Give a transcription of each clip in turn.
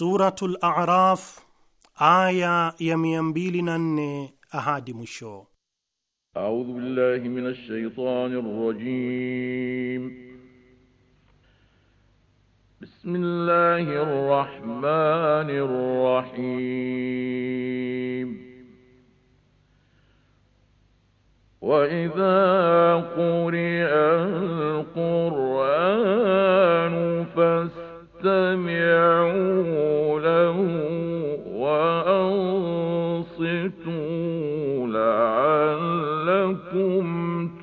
Suratul Araf aya ya mia mbili na nne ahadi mwisho. A'udhu billahi minash shaitanir rajim. Bismillahir rahmanir rahim. وإذا قرئ القرآن فاستمعوا فاستمعوا له وأنصتوا لعلكم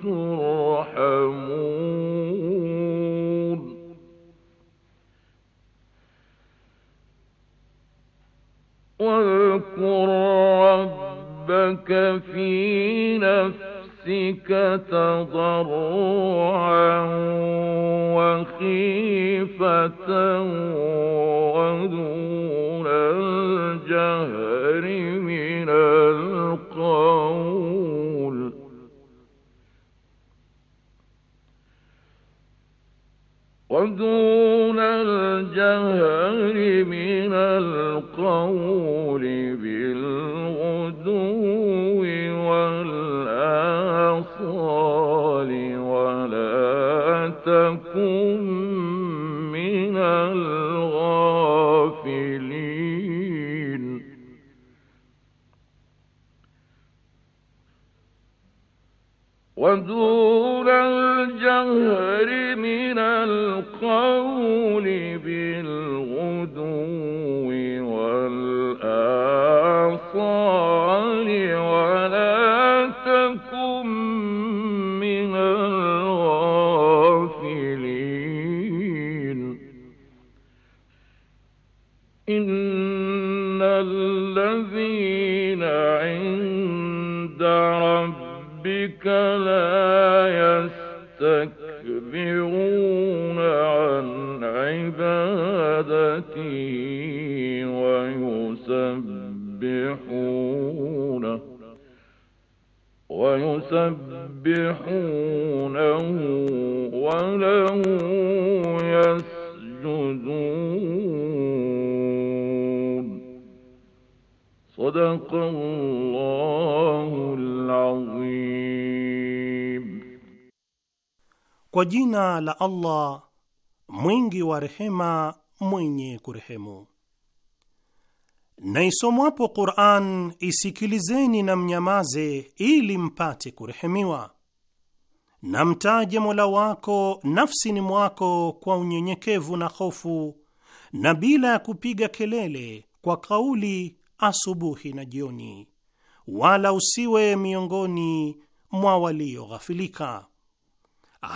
ترحمون واذكر ربك في نفسك نفسك تضرعا وخيفة ودون الجهر من القول ودون الجهر من القول بالغدو الأبصار ولا تكن من الغافلين ودون الجهر من القول بالغفر jina la Allah mwingi wa rehema, mwenye kurehemu. Na isomwapo Qur'an isikilizeni na mnyamaze, ili mpate kurehemiwa. Na mtaje Mola wako nafsini mwako kwa unyenyekevu na hofu, na bila ya kupiga kelele, kwa kauli asubuhi na jioni, wala usiwe miongoni mwa walioghafilika.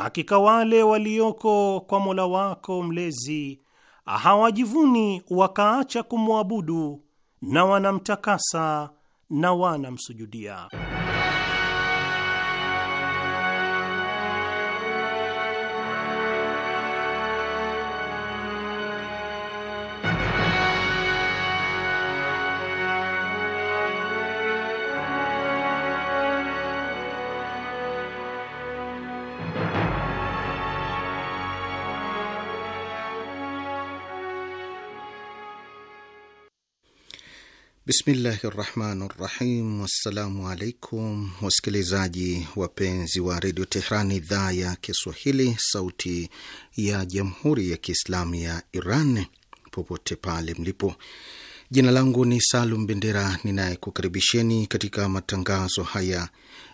Hakika wale walioko kwa Mola wako mlezi hawajivuni wakaacha kumwabudu na wanamtakasa na wanamsujudia. Bismillahi rahmani rahim. Wassalamu alaikum wasikilizaji wapenzi wa redio Tehran, idhaa ya Kiswahili, sauti ya jamhuri ya kiislamu ya Iran, popote pale mlipo. Jina langu ni Salum Bendera ninayekukaribisheni katika matangazo haya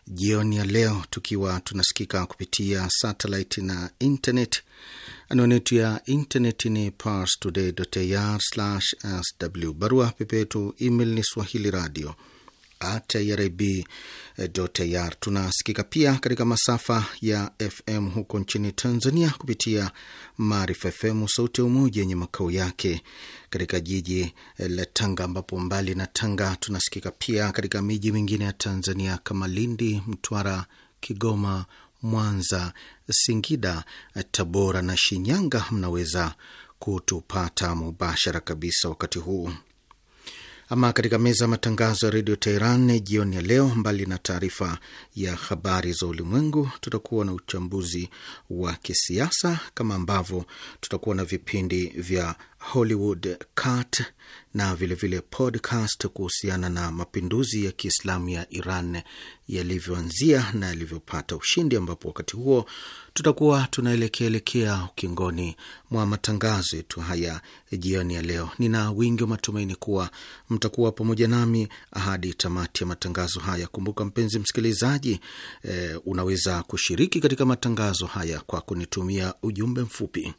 jioni ya leo, tukiwa tunasikika kupitia satellite na internet. Anwani yetu ya internet ni parstoday.ir/sw, barua pepe yetu email ni swahili radio at Tunasikika pia katika masafa ya FM huko nchini Tanzania kupitia Maarifa FM Sauti ya Umoja yenye makao yake katika jiji la Tanga, ambapo mbali na Tanga tunasikika pia katika miji mingine ya Tanzania kama Lindi, Mtwara, Kigoma, Mwanza, Singida, Tabora na Shinyanga. Mnaweza kutupata mubashara kabisa wakati huu ama katika meza ya matangazo ya redio Teheran jioni ya leo, mbali na taarifa ya habari za ulimwengu, tutakuwa na uchambuzi wa kisiasa kama ambavyo tutakuwa na vipindi vya Hollywood Cut na vilevile vile podcast kuhusiana na mapinduzi ya Kiislamu ya Iran yalivyoanzia na yalivyopata ushindi, ambapo wakati huo tutakuwa tunaelekeaelekea ukingoni mwa matangazo yetu haya jioni ya leo. Nina wingi wa matumaini kuwa mtakuwa pamoja nami hadi tamati ya matangazo haya. Kumbuka mpenzi msikilizaji, eh, unaweza kushiriki katika matangazo haya kwa kunitumia ujumbe mfupi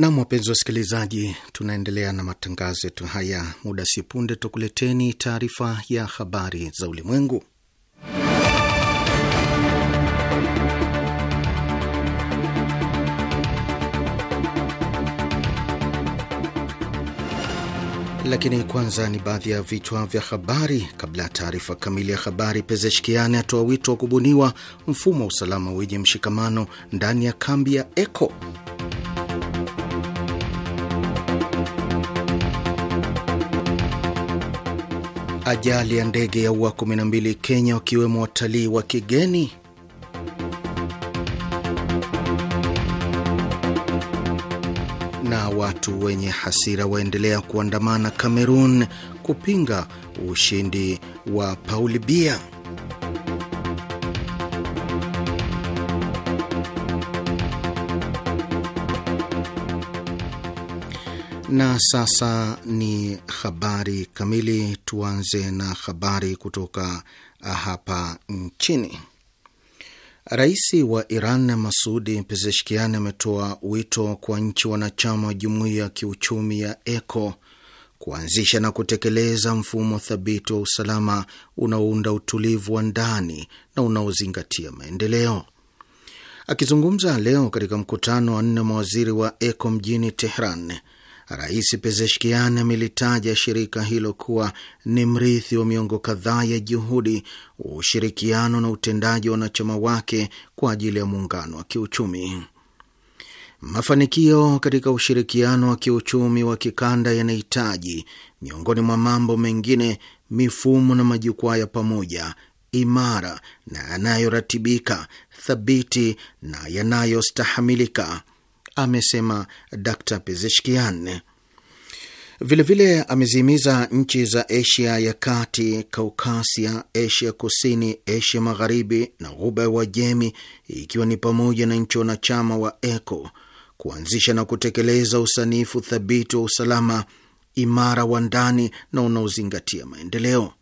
Nam, wapenzi wasikilizaji, tunaendelea na matangazo yetu haya. Muda si punde tukuleteni taarifa ya habari za ulimwengu. Lakini kwanza ni baadhi ya vichwa vya habari. Kabla ya taarifa kamili ya habari, Pezeshkiane atoa wito wa kubuniwa mfumo wa usalama wenye mshikamano ndani ya kambi ya Eko. Ajali ya ndege ya ua 12 Kenya, wakiwemo watalii wa kigeni Watu wenye hasira waendelea kuandamana Kamerun kupinga ushindi wa Pauli Bia. Na sasa ni habari kamili. Tuanze na habari kutoka hapa nchini. Rais wa Iran Masudi Pezeshkian ametoa wito kwa nchi wanachama wa jumuiya ya kiuchumi ya ECO kuanzisha na kutekeleza mfumo thabiti wa usalama unaounda utulivu wa ndani na unaozingatia maendeleo. Akizungumza leo katika mkutano wa nne mawaziri wa ECO mjini Tehran, Rais Pezeshkian amelitaja shirika hilo kuwa ni mrithi wa miongo kadhaa ya juhudi, ushirikiano na utendaji wa wanachama wake kwa ajili ya muungano wa kiuchumi. Mafanikio katika ushirikiano wa kiuchumi wa kikanda yanahitaji, miongoni mwa mambo mengine, mifumo na majukwaa ya pamoja imara na yanayoratibika, thabiti na yanayostahamilika amesema Dr Pezeshkian. Vilevile amezihimiza nchi za Asia ya Kati, Kaukasia, Asia Kusini, Asia Magharibi na Ghuba ya Uajemi, ikiwa ni pamoja na nchi wanachama wa ECO kuanzisha na kutekeleza usanifu thabiti wa usalama imara wa ndani na unaozingatia maendeleo.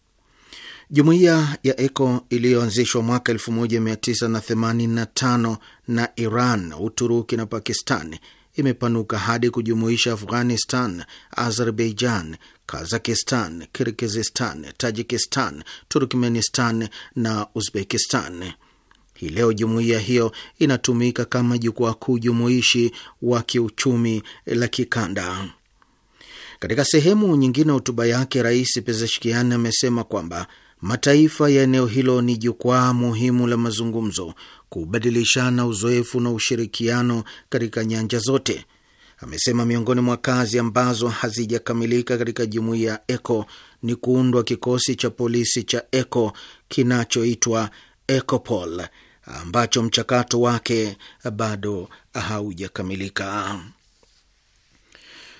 Jumuiya ya ECO iliyoanzishwa mwaka 1985 na Iran, Uturuki na Pakistan imepanuka hadi kujumuisha Afghanistan, Azerbaijan, Kazakistan, Kirgizistan, Tajikistan, Turkmenistan na Uzbekistan. Hii leo jumuiya hiyo inatumika kama jukwaa kuu jumuishi wa kiuchumi la kikanda. Katika sehemu nyingine ya hotuba yake, Rais Pezeshkian amesema kwamba Mataifa ya eneo hilo ni jukwaa muhimu la mazungumzo, kubadilishana uzoefu na ushirikiano katika nyanja zote, amesema. Miongoni mwa kazi ambazo hazijakamilika katika jumuiya ya ECO ni kuundwa kikosi cha polisi cha ECO kinachoitwa ECOPOL ambacho mchakato wake bado haujakamilika.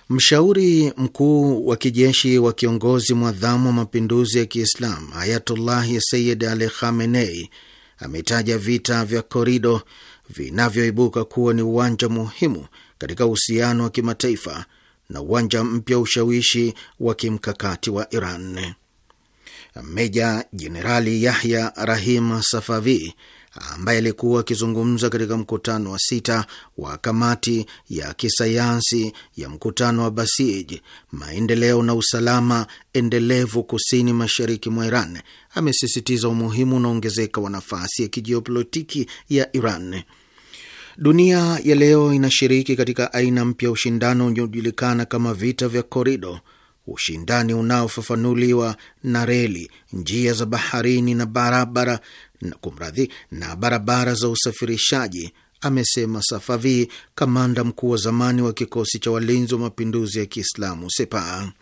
Mshauri mkuu wa kijeshi wa kiongozi mwadhamu wa mapinduzi ya kiislam Ayatullahi sayid Ali Khamenei ametaja vita vya korido vinavyoibuka kuwa ni uwanja muhimu katika uhusiano wa kimataifa na uwanja mpya ushawishi wa kimkakati wa Iran. Meja Jenerali Yahya Rahim Safavi ambaye alikuwa akizungumza katika mkutano wa sita wa kamati ya kisayansi ya mkutano wa Basij, maendeleo na usalama endelevu kusini mashariki mwa Iran, amesisitiza umuhimu unaongezeka wa nafasi ya kijiopolitiki ya Iran. Dunia ya leo inashiriki katika aina mpya ya ushindano unaojulikana kama vita vya korido, ushindani unaofafanuliwa na reli, njia za baharini na barabara kumradhi, na barabara za usafirishaji, amesema Safavi, kamanda mkuu wa zamani wa kikosi cha walinzi wa mapinduzi ya Kiislamu sepa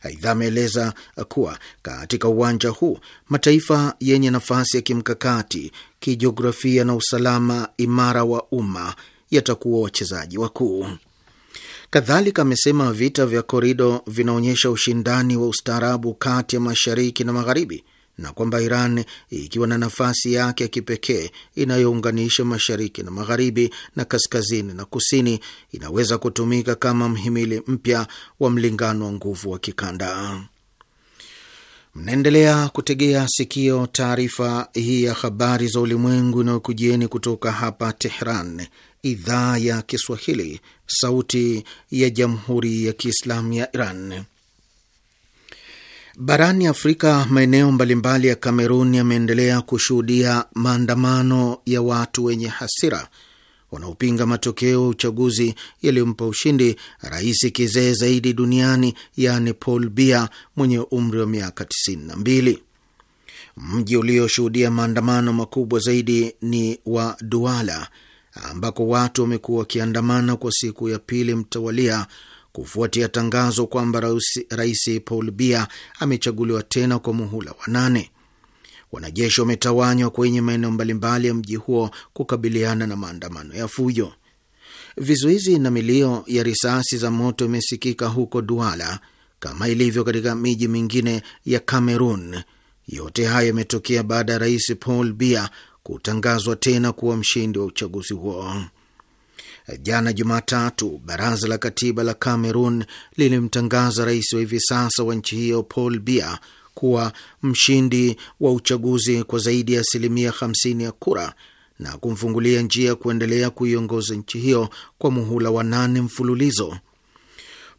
Aidha, ameeleza kuwa katika uwanja huu mataifa yenye nafasi ya kimkakati, kijiografia na usalama imara wa umma yatakuwa wachezaji wakuu. Kadhalika amesema vita vya korido vinaonyesha ushindani wa ustaarabu kati ya mashariki na magharibi na kwamba Iran ikiwa na nafasi yake ya kipekee inayounganisha mashariki na magharibi na kaskazini na kusini inaweza kutumika kama mhimili mpya wa mlingano wa nguvu wa kikanda. Mnaendelea kutegea sikio taarifa hii ya habari za ulimwengu inayokujieni kutoka hapa Tehran, idhaa ya Kiswahili, sauti ya jamhuri ya kiislamu ya Iran. Barani Afrika, maeneo mbalimbali ya Kamerun yameendelea kushuhudia maandamano ya watu wenye hasira wanaopinga matokeo ya uchaguzi yaliyompa ushindi rais kizee zaidi duniani, yaani Paul bia mwenye umri wa miaka 92. Mji ulioshuhudia maandamano makubwa zaidi ni wa Duala ambako watu wamekuwa wakiandamana kwa siku ya pili mtawalia kufuatia tangazo kwamba Rais Paul bia amechaguliwa tena kwa muhula wa nane. Wanajeshi wametawanywa kwenye maeneo mbalimbali ya mji huo kukabiliana na maandamano ya fujo. Vizuizi na milio ya risasi za moto imesikika huko Duala kama ilivyo katika miji mingine ya cameron Yote hayo yametokea baada ya rais Paul bia kutangazwa tena kuwa mshindi wa uchaguzi huo. Jana Jumatatu, baraza la katiba la Cameroon lilimtangaza rais wa hivi sasa wa nchi hiyo Paul Biya kuwa mshindi wa uchaguzi kwa zaidi ya asilimia 50 ya kura na kumfungulia njia kuendelea kuiongoza nchi hiyo kwa muhula wa nane mfululizo.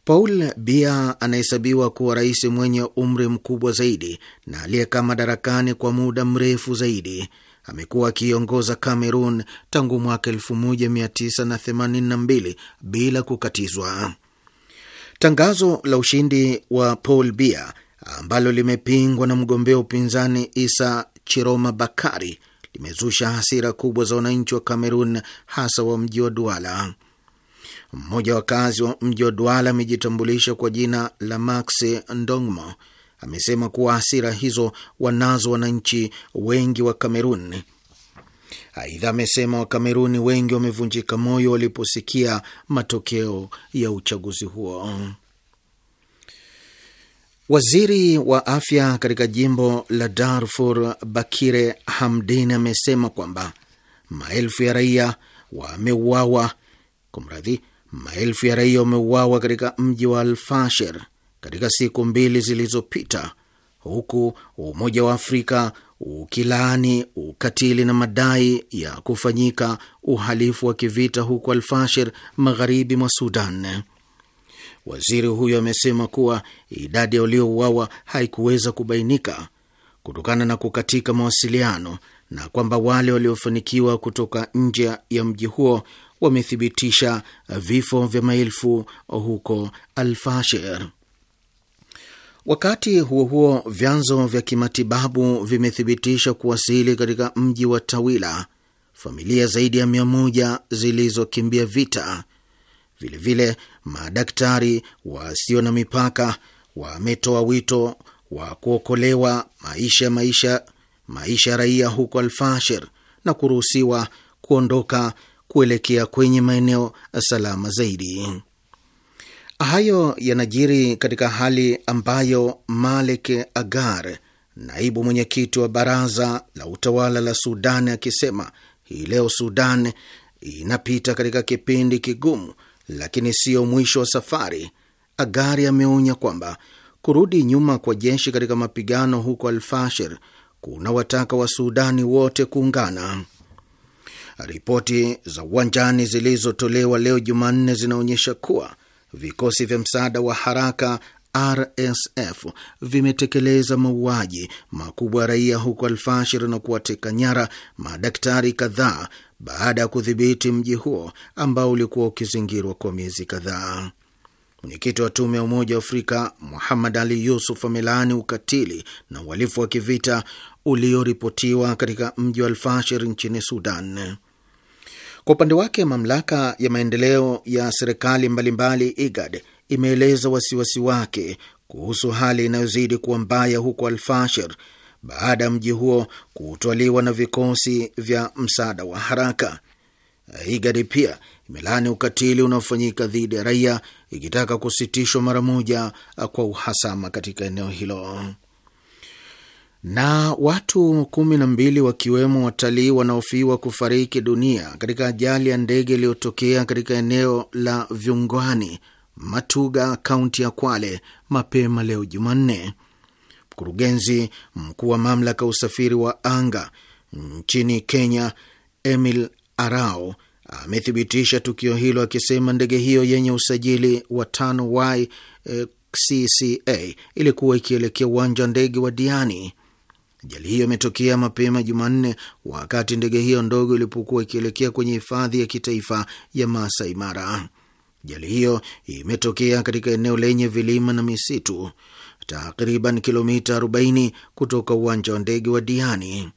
Paul Biya anahesabiwa kuwa rais mwenye umri mkubwa zaidi na aliyekaa madarakani kwa muda mrefu zaidi amekuwa akiiongoza Kamerun tangu mwaka 1982 bila kukatizwa. Tangazo la ushindi wa Paul bia ambalo limepingwa na mgombea upinzani Isa Chiroma Bakari limezusha hasira kubwa za wananchi wa Kamerun, hasa wa mji wa Duala. Mmoja wa wakazi wa mji wa Duala amejitambulisha kwa jina la Max Ndongmo amesema kuwa hasira hizo wanazo wananchi wengi wa Kamerun. Aidha, amesema Wakameruni wengi wamevunjika moyo waliposikia matokeo ya uchaguzi huo. Waziri wa afya katika jimbo la Darfur, Bakire Hamdin, amesema kwamba maelfu ya raia wameuawa, kumradhi, maelfu ya raia wameuawa katika mji wa Alfashir katika siku mbili zilizopita, huku Umoja wa Afrika ukilaani ukatili na madai ya kufanyika uhalifu wa kivita huko Alfashir, magharibi mwa Sudan. Waziri huyo amesema kuwa idadi ya waliouawa haikuweza kubainika kutokana na kukatika mawasiliano na kwamba wale waliofanikiwa kutoka nje ya mji huo wamethibitisha vifo vya maelfu huko Alfashir. Wakati huo huo, vyanzo vya kimatibabu vimethibitisha kuwasili katika mji wa Tawila familia zaidi ya mia moja zilizokimbia vita. Vilevile vile, madaktari wasio na mipaka wametoa wito wa kuokolewa maisha maisha maisha ya raia huko Alfashir na kuruhusiwa kuondoka kuelekea kwenye maeneo salama zaidi. Hayo yanajiri katika hali ambayo Malik Agar, naibu mwenyekiti wa baraza la utawala la Sudani, akisema hii leo Sudan inapita katika kipindi kigumu, lakini siyo mwisho wa safari. Agari ameonya kwamba kurudi nyuma kwa jeshi katika mapigano huko Alfashir kuna wataka wa Sudani wote kuungana. Ripoti za uwanjani zilizotolewa leo Jumanne zinaonyesha kuwa vikosi vya msaada wa haraka RSF vimetekeleza mauaji makubwa ya raia huko Alfashir na kuwateka nyara madaktari kadhaa baada ya kudhibiti mji huo ambao ulikuwa ukizingirwa kwa miezi kadhaa. Mwenyekiti wa tume ya Umoja wa Afrika Muhammad Ali Yusuf amelaani ukatili na uhalifu wa kivita ulioripotiwa katika mji wa Alfashir nchini Sudan. Kwa upande wake, mamlaka ya maendeleo ya serikali mbalimbali IGAD imeeleza wasiwasi wake kuhusu hali inayozidi kuwa mbaya huko Alfashir baada ya mji huo kutwaliwa na vikosi vya msaada wa haraka. IGAD pia imelani ukatili unaofanyika dhidi ya raia, ikitaka kusitishwa mara moja kwa uhasama katika eneo hilo na watu kumi na mbili wakiwemo watalii wanaofiwa kufariki dunia katika ajali ya ndege iliyotokea katika eneo la Vyungwani, Matuga, kaunti ya Kwale mapema leo Jumanne. Mkurugenzi mkuu wa mamlaka ya usafiri wa anga nchini Kenya, Emil Arao, amethibitisha tukio hilo akisema ndege hiyo yenye usajili wa tano y e, eh, CCA ilikuwa ikielekea uwanja wa ndege wa Diani Ajali hiyo imetokea mapema Jumanne wakati ndege hiyo ndogo ilipokuwa ikielekea kwenye hifadhi ya kitaifa ya Masai Mara. Ajali hiyo imetokea katika eneo lenye vilima na misitu takriban kilomita 40 kutoka uwanja wa ndege wa Diani.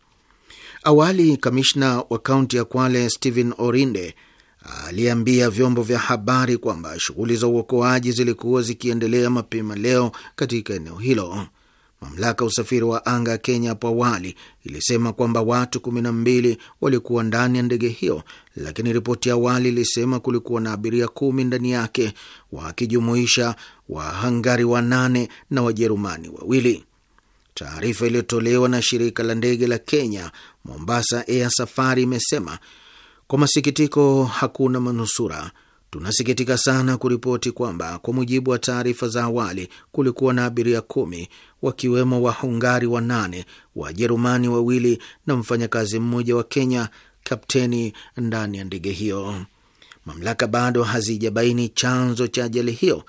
Awali, kamishna wa kaunti ya Kwale Stephen Orinde aliambia vyombo vya habari kwamba shughuli za uokoaji zilikuwa zikiendelea mapema leo katika eneo hilo. Mamlaka ya usafiri wa anga ya Kenya hapo awali ilisema kwamba watu 12 walikuwa ndani ya ndege hiyo, lakini ripoti ya awali ilisema kulikuwa na abiria kumi ndani yake wakijumuisha Wahangari wanane na Wajerumani wawili. Taarifa iliyotolewa na shirika la ndege la Kenya Mombasa Air Safari imesema kwa masikitiko, hakuna manusura Tunasikitika sana kuripoti kwamba kwa mujibu wa taarifa za awali kulikuwa na abiria kumi wakiwemo Wahungari wanane, Wajerumani wawili na mfanyakazi mmoja wa Kenya, kapteni ndani ya ndege hiyo. Mamlaka bado hazijabaini chanzo cha ajali hiyo.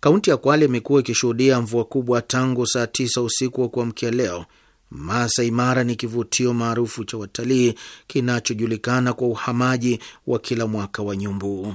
Kaunti ya Kwale imekuwa ikishuhudia mvua kubwa tangu saa tisa usiku wa kuamkia leo. Masai Mara ni kivutio maarufu cha watalii kinachojulikana kwa uhamaji wa kila mwaka wa nyumbu.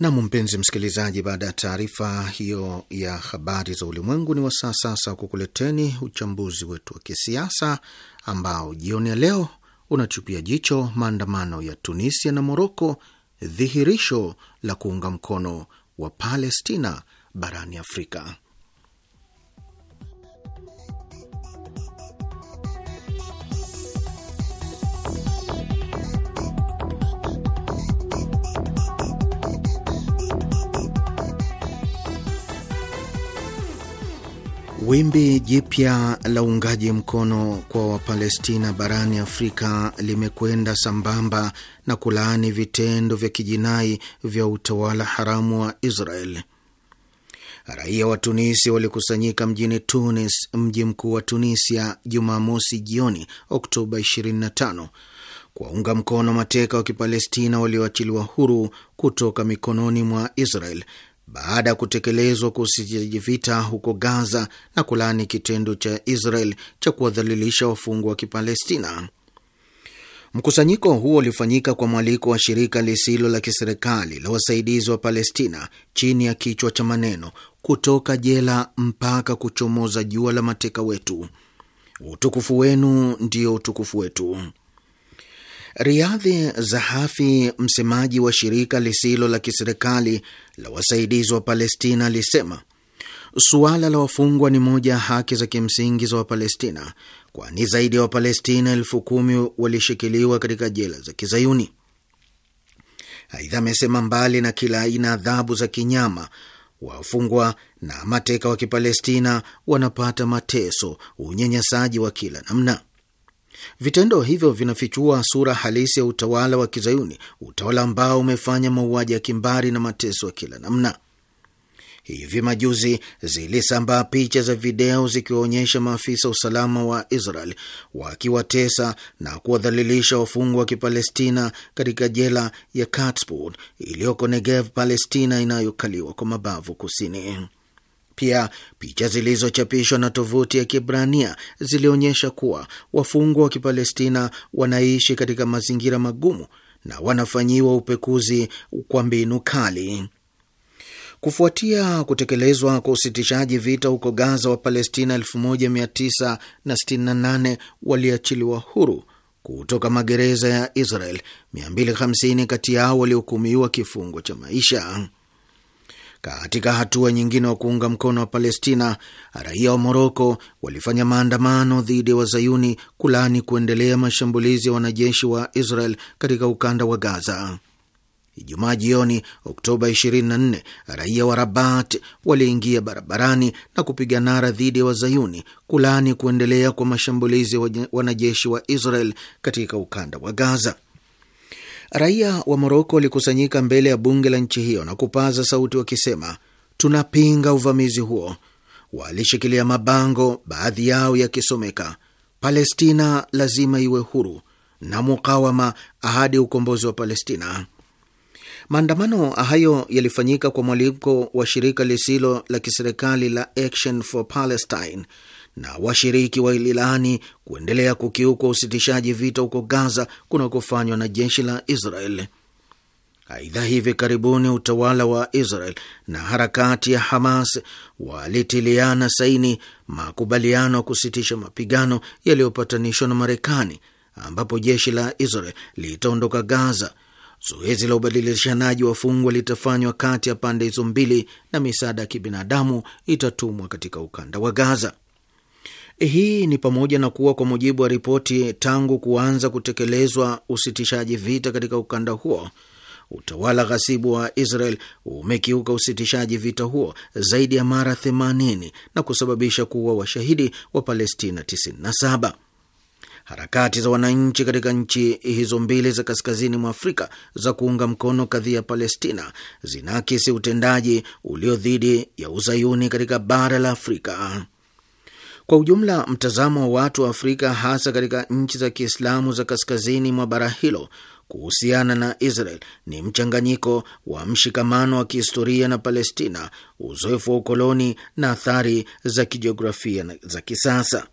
Nam, mpenzi msikilizaji, baada ya taarifa hiyo ya habari za ulimwengu, ni wasaa sasa kukuleteni uchambuzi wetu wa kisiasa ambao jioni ya leo unachupia jicho maandamano ya Tunisia na Moroko, dhihirisho la kuunga mkono wa Palestina barani Afrika. Wimbi jipya la uungaji mkono kwa Wapalestina barani Afrika limekwenda sambamba na kulaani vitendo vya kijinai vya utawala haramu wa Israel. Raia wa Tunisi walikusanyika mjini Tunis, mji mkuu wa Tunisia, Jumamosi jioni Oktoba 25 kuwaunga mkono mateka wa Kipalestina walioachiliwa huru kutoka mikononi mwa Israel baada ya kutekelezwa kwa usitishwaji vita huko Gaza na kulaani kitendo cha Israel cha kuwadhalilisha wafungwa wa Kipalestina. Mkusanyiko huo ulifanyika kwa mwaliko wa shirika lisilo la kiserikali la wasaidizi wa Palestina chini ya kichwa cha maneno kutoka jela mpaka kuchomoza jua la mateka wetu, utukufu wenu ndio utukufu wetu. Riadhi Zahafi, msemaji wa shirika lisilo la kiserikali la wasaidizi wa Palestina, alisema suala la wafungwa ni moja ya haki za kimsingi za Wapalestina, kwani zaidi ya Wapalestina elfu kumi walishikiliwa katika jela za Kizayuni. Aidha amesema mbali na kila aina adhabu za kinyama, wafungwa na mateka wa Kipalestina wanapata mateso, unyanyasaji wa kila namna. Vitendo hivyo vinafichua sura halisi ya utawala wa Kizayuni, utawala ambao umefanya mauaji ya kimbari na mateso ya kila namna. Hivi majuzi zilisambaa picha za video zikiwaonyesha maafisa usalama wa Israel wakiwatesa na kuwadhalilisha wafungwa wa Kipalestina katika jela ya Katsport iliyoko Negev, Palestina inayokaliwa kwa mabavu kusini pia picha zilizochapishwa na tovuti ya Kibrania zilionyesha kuwa wafungwa wa Kipalestina wanaishi katika mazingira magumu na wanafanyiwa upekuzi kwa mbinu kali. Kufuatia kutekelezwa kwa usitishaji vita huko Gaza, wa Palestina 1968 waliachiliwa huru kutoka magereza ya Israel, 250 kati yao walihukumiwa kifungo cha maisha. Katika hatua nyingine wa kuunga mkono wa Palestina, raia wa Moroko walifanya maandamano dhidi ya wazayuni kulani kuendelea mashambulizi ya wanajeshi wa Israel katika ukanda wa Gaza. Ijumaa jioni, Oktoba 24, raia wa Rabat waliingia barabarani na kupiga nara dhidi ya wazayuni kulani kuendelea kwa mashambulizi ya wanajeshi wa Israel katika ukanda wa Gaza. Raia wa Moroko walikusanyika mbele ya bunge la nchi hiyo na kupaza sauti wakisema, tunapinga uvamizi huo. Walishikilia mabango, baadhi yao yakisomeka, Palestina lazima iwe huru na mukawama ahadi ukombozi wa Palestina. Maandamano hayo yalifanyika kwa mwaliko wa shirika lisilo la kiserikali la Action for Palestine na washiriki wa ililani kuendelea kukiukwa usitishaji vita huko Gaza kunakofanywa na jeshi la Israel. Aidha, hivi karibuni utawala wa Israel na harakati ya Hamas walitiliana saini makubaliano ya kusitisha mapigano yaliyopatanishwa na Marekani, ambapo jeshi la Israel litaondoka Gaza. Zoezi la ubadilishanaji wafungwa litafanywa kati ya pande hizo mbili na misaada ya kibinadamu itatumwa katika ukanda wa Gaza. Hii ni pamoja na kuwa kwa mujibu wa ripoti, tangu kuanza kutekelezwa usitishaji vita katika ukanda huo, utawala ghasibu wa Israel umekiuka usitishaji vita huo zaidi ya mara 80 na kusababisha kuwa washahidi wa Palestina 97. Harakati za wananchi katika nchi hizo mbili za kaskazini mwa Afrika za kuunga mkono kadhia ya Palestina zinaakisi utendaji ulio dhidi ya uzayuni katika bara la Afrika. Kwa ujumla, mtazamo wa watu wa Afrika hasa katika nchi za Kiislamu za kaskazini mwa bara hilo kuhusiana na Israel ni mchanganyiko wa mshikamano wa kihistoria na Palestina, uzoefu wa ukoloni na athari za kijiografia za kisasa.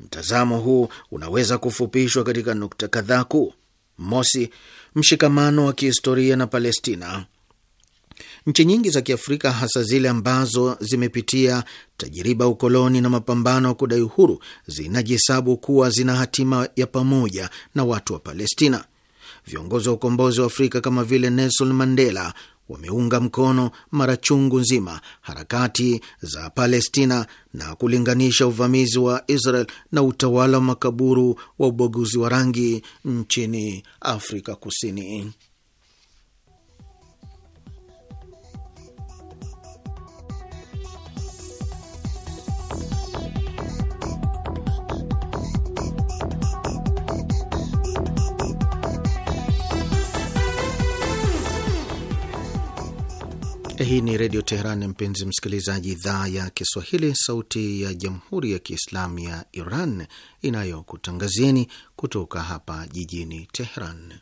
Mtazamo huu unaweza kufupishwa katika nukta kadhaa kuu. Mosi, mshikamano wa kihistoria na Palestina. Nchi nyingi za Kiafrika, hasa zile ambazo zimepitia tajiriba ukoloni na mapambano ya kudai uhuru, zinajihesabu kuwa zina hatima ya pamoja na watu wa Palestina. Viongozi wa ukombozi wa Afrika kama vile Nelson Mandela wameunga mkono mara chungu nzima harakati za Palestina na kulinganisha uvamizi wa Israel na utawala wa makaburu wa ubaguzi wa rangi nchini Afrika Kusini. Hii ni Redio Teheran, mpenzi msikilizaji, idhaa ya Kiswahili, sauti ya Jamhuri ya Kiislamu ya Iran inayokutangazieni kutoka hapa jijini Teheran.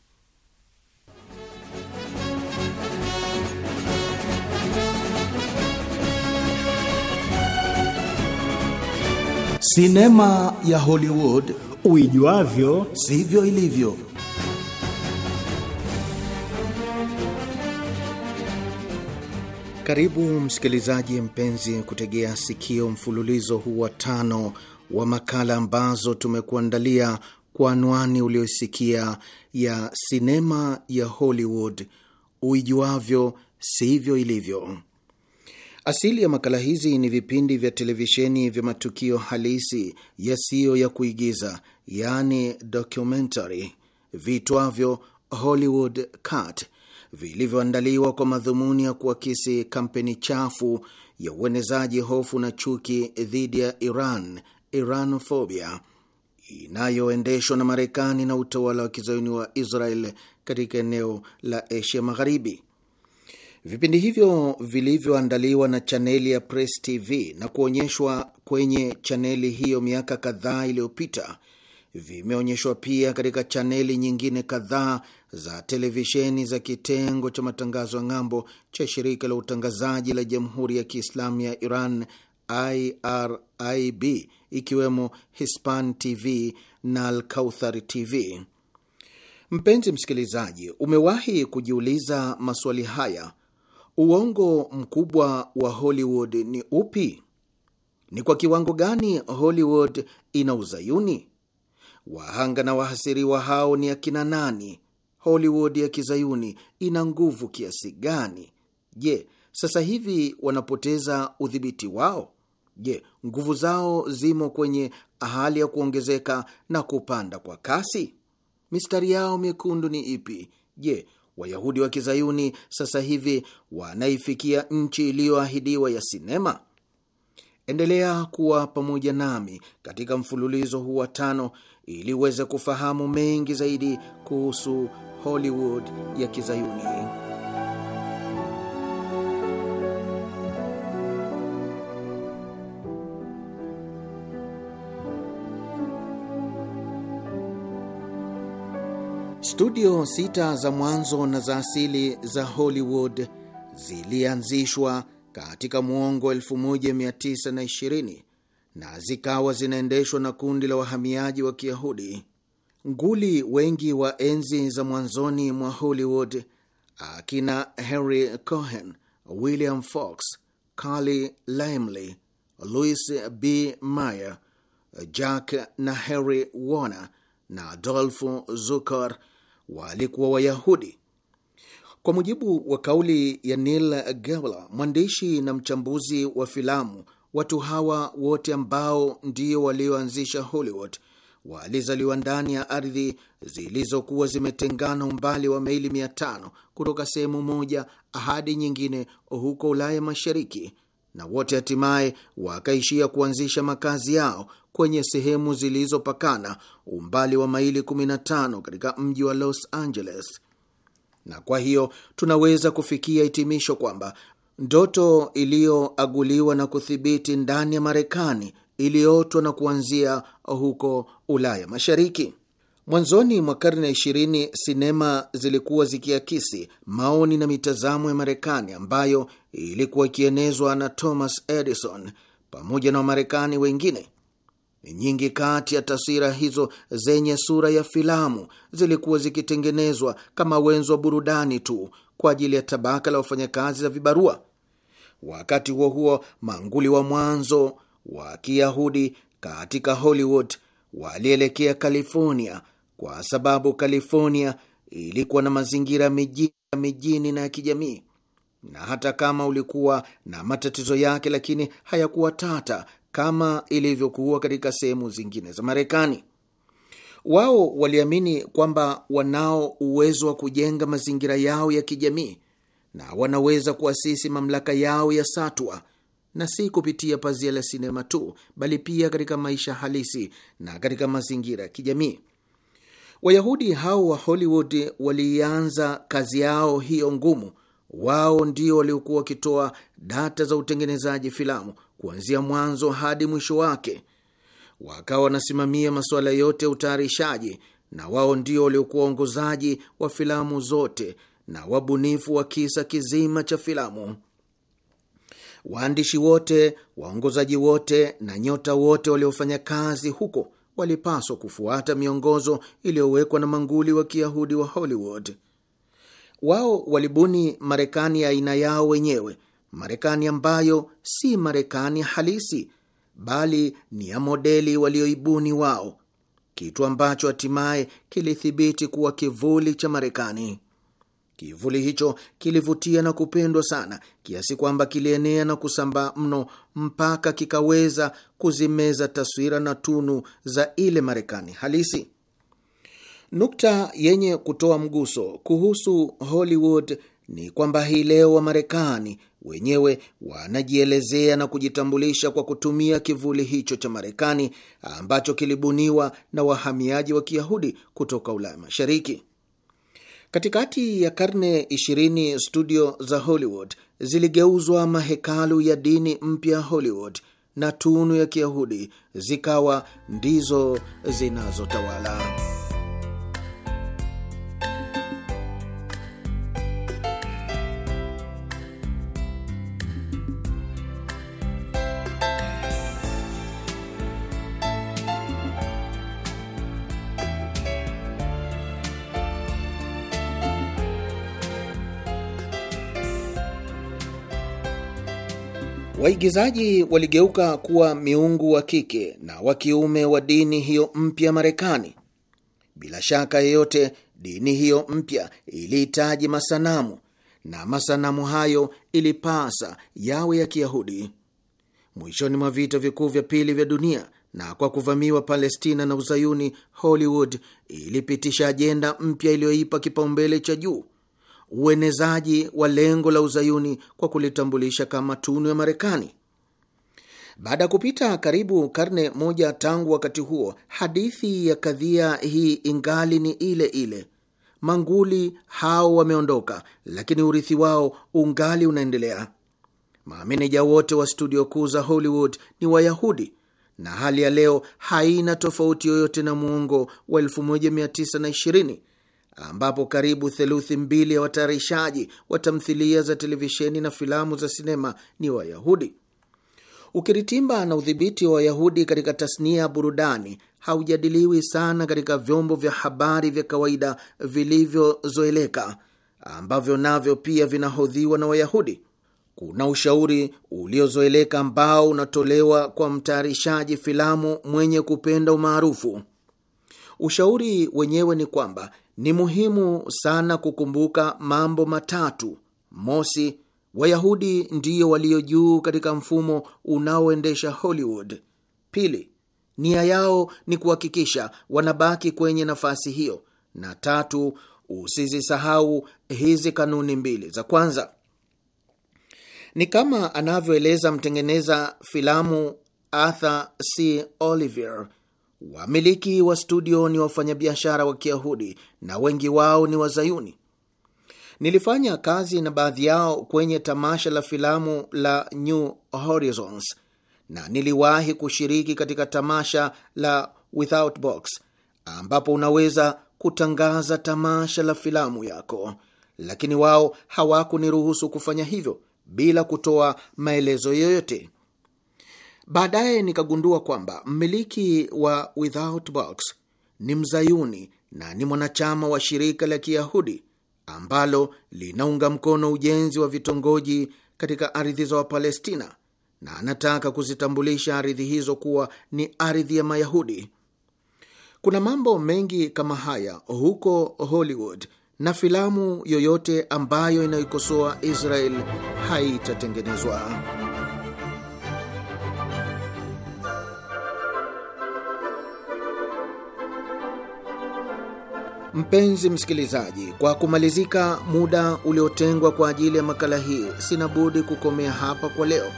Sinema ya Hollywood uijuavyo sivyo ilivyo. Karibu msikilizaji mpenzi, kutegea sikio mfululizo huu wa tano wa makala ambazo tumekuandalia kwa anwani ulioisikia ya sinema ya Hollywood uijuavyo sivyo ilivyo. Asili ya makala hizi ni vipindi vya televisheni vya matukio halisi yasiyo ya kuigiza, yaani documentary, viitwavyo Hollywood Cut vilivyoandaliwa kwa madhumuni ya kuakisi kampeni chafu ya uenezaji hofu na chuki dhidi ya Iran, Iranophobia, inayoendeshwa na Marekani na utawala wa kizayuni wa Israel katika eneo la Asia Magharibi. Vipindi hivyo vilivyoandaliwa na chaneli ya Press TV na kuonyeshwa kwenye chaneli hiyo miaka kadhaa iliyopita vimeonyeshwa pia katika chaneli nyingine kadhaa za televisheni za kitengo cha matangazo ya ng'ambo cha shirika la utangazaji la Jamhuri ya Kiislamu ya Iran IRIB ikiwemo Hispan TV na Alkauthar TV. Mpenzi msikilizaji, umewahi kujiuliza maswali haya? Uongo mkubwa wa Hollywood ni upi? Ni kwa kiwango gani Hollywood ina uzayuni? Wahanga na wahasiriwa hao ni akina nani? Hollywood ya kizayuni ina nguvu kiasi gani? Je, sasa hivi wanapoteza udhibiti wao? Je, nguvu zao zimo kwenye hali ya kuongezeka na kupanda kwa kasi? Mistari yao mekundu ni ipi? Je, Wayahudi wa kizayuni sasa hivi wanaifikia nchi iliyoahidiwa ya sinema? Endelea kuwa pamoja nami katika mfululizo huu wa tano ili uweze kufahamu mengi zaidi kuhusu Hollywood ya Kizayuni. Studio sita za mwanzo na za asili za Hollywood zilianzishwa katika muongo 1920 na zikawa zinaendeshwa na kundi la wahamiaji wa Kiyahudi nguli wengi wa enzi za mwanzoni mwa Hollywood, akina Harry Cohen, William Fox, Carly limly Louis B. Mayer, Jack na Harry Warner na adolfu Zukor walikuwa Wayahudi. Kwa mujibu wa kauli ya Neil Gabler, mwandishi na mchambuzi wa filamu, watu hawa wote ambao ndio walioanzisha Hollywood walizaliwa ndani ya ardhi zilizokuwa zimetengana umbali wa maili mia tano kutoka sehemu moja hadi nyingine huko Ulaya Mashariki, na wote hatimaye wakaishia kuanzisha makazi yao kwenye sehemu zilizopakana umbali wa maili 15 katika mji wa Los Angeles. Na kwa hiyo tunaweza kufikia hitimisho kwamba ndoto iliyoaguliwa na kuthibiti ndani ya Marekani iliyotwa na kuanzia huko Ulaya Mashariki. Mwanzoni mwa karne ya ishirini, sinema zilikuwa zikiakisi maoni na mitazamo ya Marekani ambayo ilikuwa ikienezwa na Thomas Edison pamoja na Wamarekani wengine. Nyingi kati ya taswira hizo zenye sura ya filamu zilikuwa zikitengenezwa kama wenzo wa burudani tu kwa ajili ya tabaka la wafanyakazi za vibarua. Wakati huo huo, manguli wa mwanzo wa Kiyahudi katika Hollywood walielekea California kwa sababu California ilikuwa na mazingira mijini, mijini na ya kijamii, na hata kama ulikuwa na matatizo yake, lakini hayakuwa tata kama ilivyokuwa katika sehemu zingine za Marekani. Wao waliamini kwamba wanao uwezo wa kujenga mazingira yao ya kijamii na wanaweza kuasisi mamlaka yao ya satwa na si kupitia pazia la sinema tu, bali pia katika maisha halisi na katika mazingira ya kijamii. Wayahudi hao wa Hollywood walianza kazi yao hiyo ngumu. Wao ndio waliokuwa wakitoa data za utengenezaji filamu kuanzia mwanzo hadi mwisho wake, wakawa wanasimamia masuala yote ya utayarishaji, na wao ndio waliokuwa waongozaji wa filamu zote na wabunifu wa kisa kizima cha filamu. Waandishi wote, waongozaji wote na nyota wote waliofanya kazi huko walipaswa kufuata miongozo iliyowekwa na manguli wa Kiyahudi wa Hollywood. Wao walibuni Marekani ya aina yao wenyewe, Marekani ambayo si Marekani halisi bali ni ya modeli walioibuni wao, kitu ambacho hatimaye kilithibiti kuwa kivuli cha Marekani. Kivuli hicho kilivutia na kupendwa sana kiasi kwamba kilienea na kusambaa mno mpaka kikaweza kuzimeza taswira na tunu za ile Marekani halisi. Nukta yenye kutoa mguso kuhusu Hollywood ni kwamba hii leo Wamarekani wenyewe wanajielezea na kujitambulisha kwa kutumia kivuli hicho cha Marekani ambacho kilibuniwa na wahamiaji wa Kiyahudi kutoka Ulaya Mashariki. Katikati ya karne 20 studio za Hollywood ziligeuzwa mahekalu ya dini mpya Hollywood na tunu ya Kiyahudi zikawa ndizo zinazotawala. Waigizaji waligeuka kuwa miungu wa kike na wa kiume wa dini hiyo mpya Marekani. Bila shaka yeyote, dini hiyo mpya ilihitaji masanamu na masanamu hayo ilipasa yawe ya Kiyahudi. Mwishoni mwa vita vikuu vya pili vya dunia na kwa kuvamiwa Palestina na Uzayuni, Hollywood ilipitisha ajenda mpya iliyoipa kipaumbele cha juu uenezaji wa lengo la uzayuni kwa kulitambulisha kama tunu ya Marekani. Baada ya kupita karibu karne moja tangu wakati huo, hadithi ya kadhia hii ingali ni ile ile. Manguli hao wameondoka, lakini urithi wao ungali unaendelea. Maameneja wote wa studio kuu za Hollywood ni Wayahudi, na hali ya leo haina tofauti yoyote na mwongo wa 1920 ambapo karibu theluthi mbili ya watayarishaji wa tamthilia za televisheni na filamu za sinema ni Wayahudi. Ukiritimba na udhibiti wa Wayahudi katika tasnia ya burudani haujadiliwi sana katika vyombo vya habari vya kawaida vilivyozoeleka ambavyo navyo pia vinahodhiwa na Wayahudi. Kuna ushauri uliozoeleka ambao unatolewa kwa mtayarishaji filamu mwenye kupenda umaarufu. Ushauri wenyewe ni kwamba ni muhimu sana kukumbuka mambo matatu. Mosi, Wayahudi ndiyo walio juu katika mfumo unaoendesha Hollywood. Pili, nia yao ni kuhakikisha wanabaki kwenye nafasi hiyo, na tatu, usizisahau hizi kanuni mbili za kwanza. Ni kama anavyoeleza mtengeneza filamu Arthur C Oliver Wamiliki wa studio ni wafanyabiashara wa Kiyahudi na wengi wao ni Wazayuni. Nilifanya kazi na baadhi yao kwenye tamasha la filamu la New Horizons na niliwahi kushiriki katika tamasha la Without Box ambapo unaweza kutangaza tamasha la filamu yako, lakini wao hawakuniruhusu kufanya hivyo bila kutoa maelezo yoyote. Baadaye nikagundua kwamba mmiliki wa Without Box ni mzayuni na ni mwanachama wa shirika la Kiyahudi ambalo linaunga mkono ujenzi wa vitongoji katika ardhi za Wapalestina na anataka kuzitambulisha ardhi hizo kuwa ni ardhi ya Mayahudi. Kuna mambo mengi kama haya huko Hollywood, na filamu yoyote ambayo inaikosoa Israel haitatengenezwa. Mpenzi msikilizaji, kwa kumalizika muda uliotengwa kwa ajili ya makala hii, sina budi kukomea hapa kwa leo.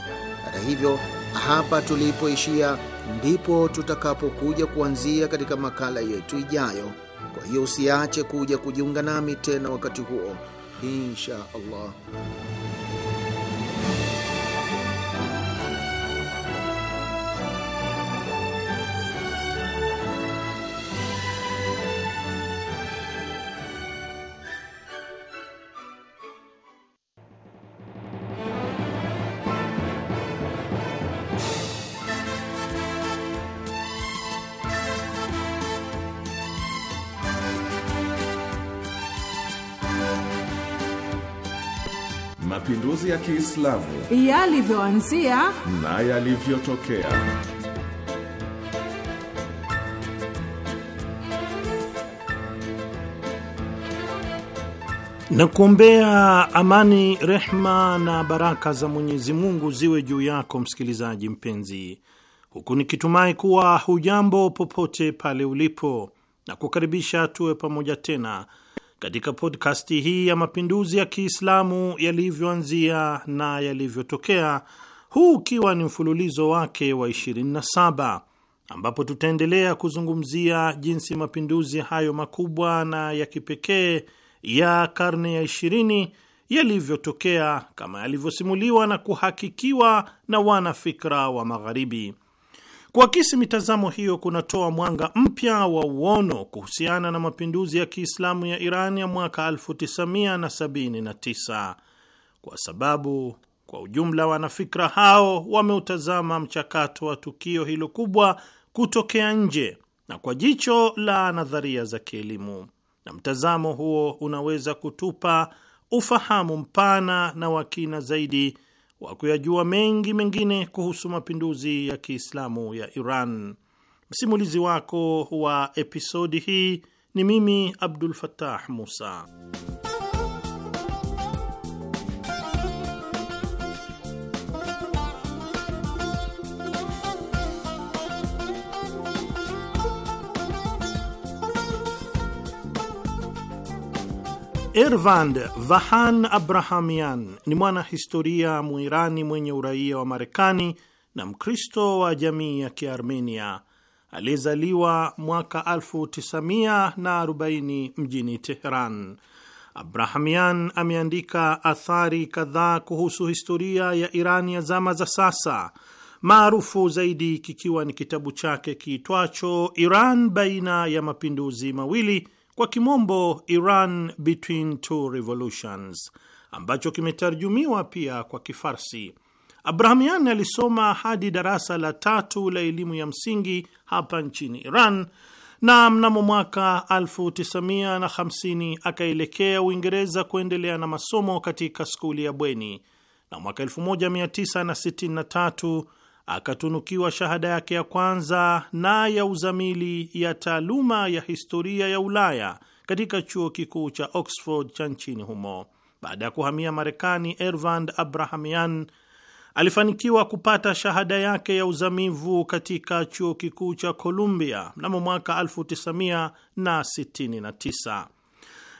Hata hivyo, hapa tulipoishia ndipo tutakapokuja kuanzia katika makala yetu ijayo. Kwa hiyo usiache kuja kujiunga nami tena wakati huo, insha Allah. mapinduzi ya Kiislamu yalivyoanzia na yalivyotokea. na kuombea amani, rehma na baraka za Mwenyezi Mungu ziwe juu yako msikilizaji mpenzi, huku nikitumai kuwa hujambo popote pale ulipo, na kukaribisha tuwe pamoja tena katika podkasti hii ya mapinduzi ya Kiislamu yalivyoanzia na yalivyotokea, huu ukiwa ni mfululizo wake wa 27 ambapo tutaendelea kuzungumzia jinsi mapinduzi hayo makubwa na ya kipekee ya karne ya 20 yalivyotokea kama yalivyosimuliwa na kuhakikiwa na wanafikra wa Magharibi. Kuakisi mitazamo hiyo kunatoa mwanga mpya wa uono kuhusiana na mapinduzi ya Kiislamu ya Iran ya mwaka 1979 kwa sababu kwa ujumla wanafikra hao wameutazama mchakato wa tukio hilo kubwa kutokea nje na kwa jicho la nadharia za kielimu, na mtazamo huo unaweza kutupa ufahamu mpana na wa kina zaidi wa kuyajua mengi mengine kuhusu mapinduzi ya Kiislamu ya Iran. Msimulizi wako wa episodi hii ni mimi Abdul Fattah Musa. Ervand Vahan Abrahamian ni mwanahistoria Mwirani mwenye uraia wa Marekani na Mkristo wa jamii ya Kiarmenia aliyezaliwa mwaka 1940 mjini Teheran. Abrahamian ameandika athari kadhaa kuhusu historia ya iran ya zama za sasa, maarufu zaidi kikiwa ni kitabu chake kiitwacho Iran baina ya mapinduzi mawili kwa kimombo Iran Between Two Revolutions, ambacho kimetarjumiwa pia kwa Kifarsi. Abrahamian alisoma hadi darasa la tatu la elimu ya msingi hapa nchini Iran na mnamo mwaka 1950 akaelekea Uingereza kuendelea na masomo katika skuli ya bweni na mwaka 1963 akatunukiwa shahada yake ya kwanza na ya uzamili ya taaluma ya historia ya Ulaya katika chuo kikuu cha Oxford cha nchini humo. Baada ya kuhamia Marekani, Ervand Abrahamian alifanikiwa kupata shahada yake ya uzamivu katika chuo kikuu cha Columbia mnamo mwaka 1969.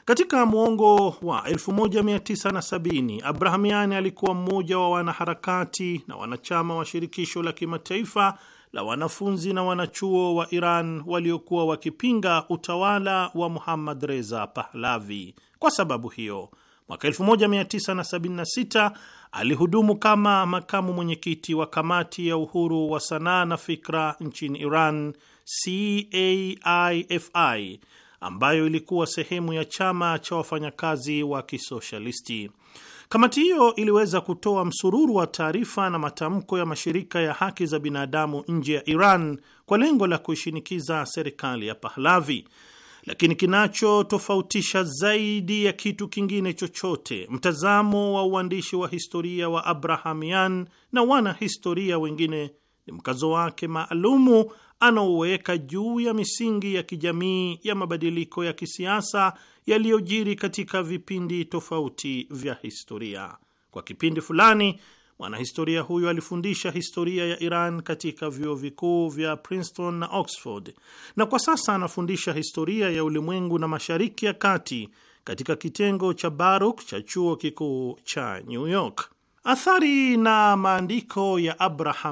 Katika mwongo wa 1970 Yani alikuwa mmoja wa wanaharakati na wanachama wa shirikisho la kimataifa la wanafunzi na wanachuo wa Iran waliokuwa wakipinga utawala wa Muhammad Reza Pahlavi. Kwa sababu hiyo, mwaka 1976 alihudumu kama makamu mwenyekiti wa kamati ya uhuru wa sanaa na fikra nchini Iran, CAIFI ambayo ilikuwa sehemu ya chama cha wafanyakazi wa kisoshalisti. Kamati hiyo iliweza kutoa msururu wa taarifa na matamko ya mashirika ya haki za binadamu nje ya Iran kwa lengo la kuishinikiza serikali ya Pahlavi. Lakini kinachotofautisha zaidi ya kitu kingine chochote mtazamo wa uandishi wa historia wa Abrahamian na wanahistoria wengine ni mkazo wake maalumu anaoweka juu ya misingi ya kijamii ya mabadiliko ya kisiasa yaliyojiri katika vipindi tofauti vya historia. Kwa kipindi fulani, mwanahistoria huyo alifundisha historia ya Iran katika vyuo vikuu vya Princeton na Oxford, na kwa sasa anafundisha historia ya ulimwengu na Mashariki ya Kati katika kitengo cha Baruch cha chuo kikuu cha New York. Athari na maandiko ya